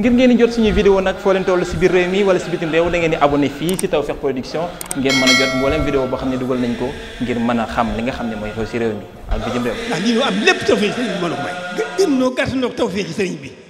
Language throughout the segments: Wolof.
ngir ngeen di jot suñuy vidéo nag foo leen toll si biir réew mi wala si bitim réew da di abonné fii si Tawfekh Production ngeen mën a jot mboolem vidéo boo xam ne dugal nañ ko ngir mën a xam li nga xam ne mooy xew si réew mi ak bitim réew. ndax lii am lépp Tawfekh sëriñ bi sëriñ bi.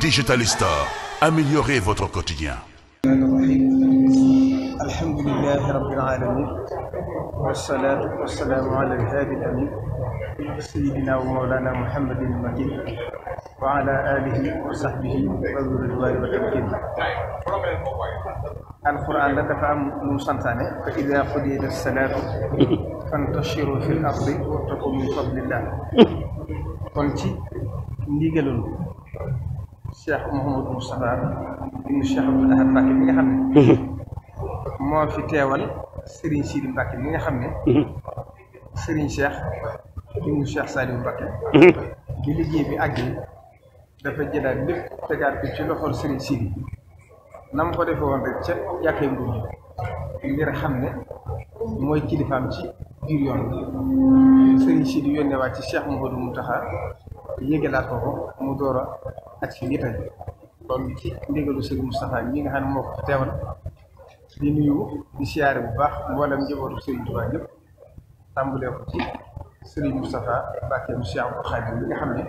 Digital Store, améliorez votre quotidien. alhamdulilahi rabbil alamin wasalaatu wasalaamu ala alhaadi alamin sayidina wa mawlana muhammadin almakin wa ala alihi wa sahbihi wa ridwaani wa tamkin alquran la dafa am nu mu santaane fa ida qudiyat salaatu fantashiru fi l ardi wabtagu min fadlillah kon ci ndigalul Cheikh Mouhamadou Moustapha ibnu Cheikh Abdoul Ahad Mbacke mi nga xam ne. moo fi teewal Serigne Sidi Mbacke mi nga xam ne. Serigne Cheikh mu Cheikh Saliou Mbacke. bi liggéey bi àggee dafa jëlaat lépp tegaat ko ci loxol Serigne Sidi na mu ko defee woon rek ca yàqee nguur ngir xam ne mooy kilifaam ci biir yoon Serigne Sidi yónnee waat ci Cheikh Mouhamadou Mountakha yëgalaat ko ko mu door ak ci jitaay loolu ci ndigalu sëñ Moustapha ñi nga xam ne moo ko fi bu baax mboolem njabootu Serigne Touba yëpp ko ci Serigne Moustapha Mbacke mu Cheikh bi nga xam ne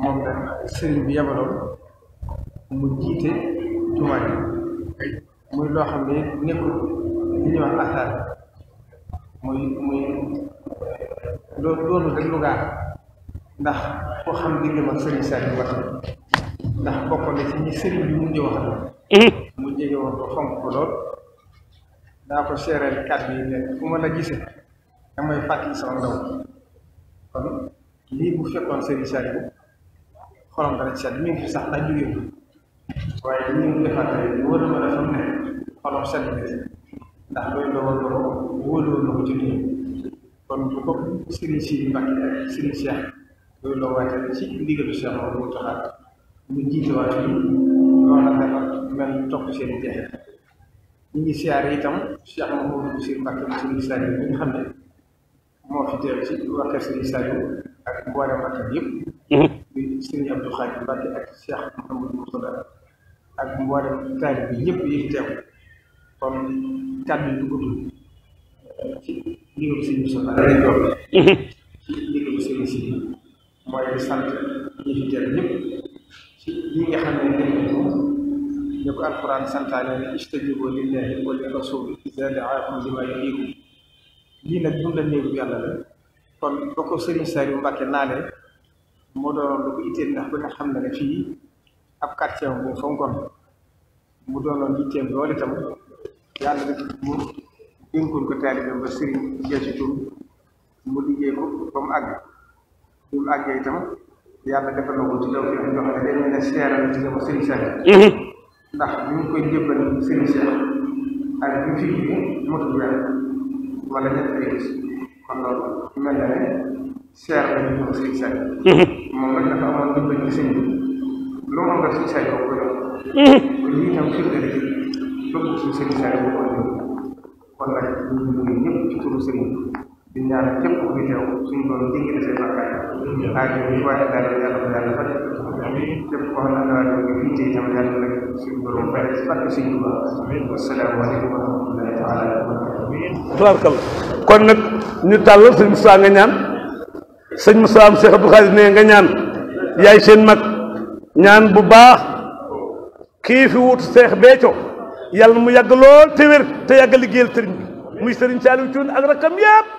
moom bi yabaloon mu jiite jumaa ji muy loo xam ne nekkul li ñuy loolu loolu rek ndax ko xam diggam ak sëriñ Saliou wax ndax bokk na ci ñi sëriñ bi mujj wax mhm. mu jege woon ko fonk ko lool daa ko seereel kàddu yi ne bu ma la gisee damay fàttali sama ndaw kon lii bu sax daa jógee waaye ñu ngi defante lu war a mën a fam ne xolam sedd na ndax loolu la war a ko na ko ci nit kon bu ko sëriñ si Mbacke ak loolu la wàccee ci ndigalu Cheikh Mawal mu taxaat mu jiite waat fii loolu nag dafa mel topp seen i jeexit ñu ngi siyaare itam Cheikh Mawal Bachir Mbacke Serigne Saliou bi xam ne moo fi teew ci wàkkee Serigne ak mboolem ak yëpp. di mhm. Serigne Abdou Khadim Mbacke ak Cheikh Mouhamadou Mourtada ak mboolem taalib bi teew kon kàddu yi du gudd ci ndigalu Serigne Mourtada rek mhm. mooy di sant ñi fi teew ñëpp ci li nga xam ne dañ ko ñu ko alquran santaane ne istajibu lillahi wa li rasuli iza daakum lima yuhyikum lii nag dundal yàlla la kon ba ko Serigne Saliou Mbacke naale moo doonoon lu ko itteel ndax ba nga xam ne ne fii ab quartier bu fonkoon mu doonoon itteem loolu itam yàlla def mu dénkoon ko taalibeem ba Serigne ko ba mu bu mu àggee itam yàlla defal na ko ci taw bi nga xam ne dañu ne seeral ci sama sëriñ Cheikh. Mhm. ndax koy jébbal sëriñ Cheikh ak bi fi bi motul weer wala ñett ay gis kon loolu mel na ne seeral nañu ko sëriñ Cheikh. Mhm. moom nag dafa amoon dimbal ci sëriñ bi lu mu nga sëriñ Cheikh boo ko yor. Mhm. kon lii itam firnde la ci ñëpp ci turu di ñaan képp ku fi teew suñu doon jéggi na seen bàkkaar aajo bi waaye daal di yàlla yàlla faj képp koo xam ne aajo bi fii tey tam yàlla nag suñu borom fay si fàtte si ñu ba wasalaamaaleykum wa rahmatullahi taala wa barakatuh tubaarkalla kon nag ñu tàll sëñ Moussa nga ñaan sëñ Moussa am Cheikh Abdou Khadir ne nga ñaan yaay seen mag ñaan bu baax kii fi wut Cheikh Béthio yàlla mu yàgg lool te wér te yàgg liggéeyal sëriñ bi muy sëriñ Saliou Thioune ak rakam yépp